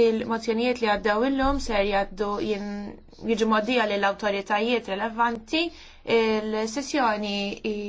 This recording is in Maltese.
il-mozzjonijiet li għaddew illum ser jgħaddu jiġu moddija lill awtoritajiet relevanti il-sessjoni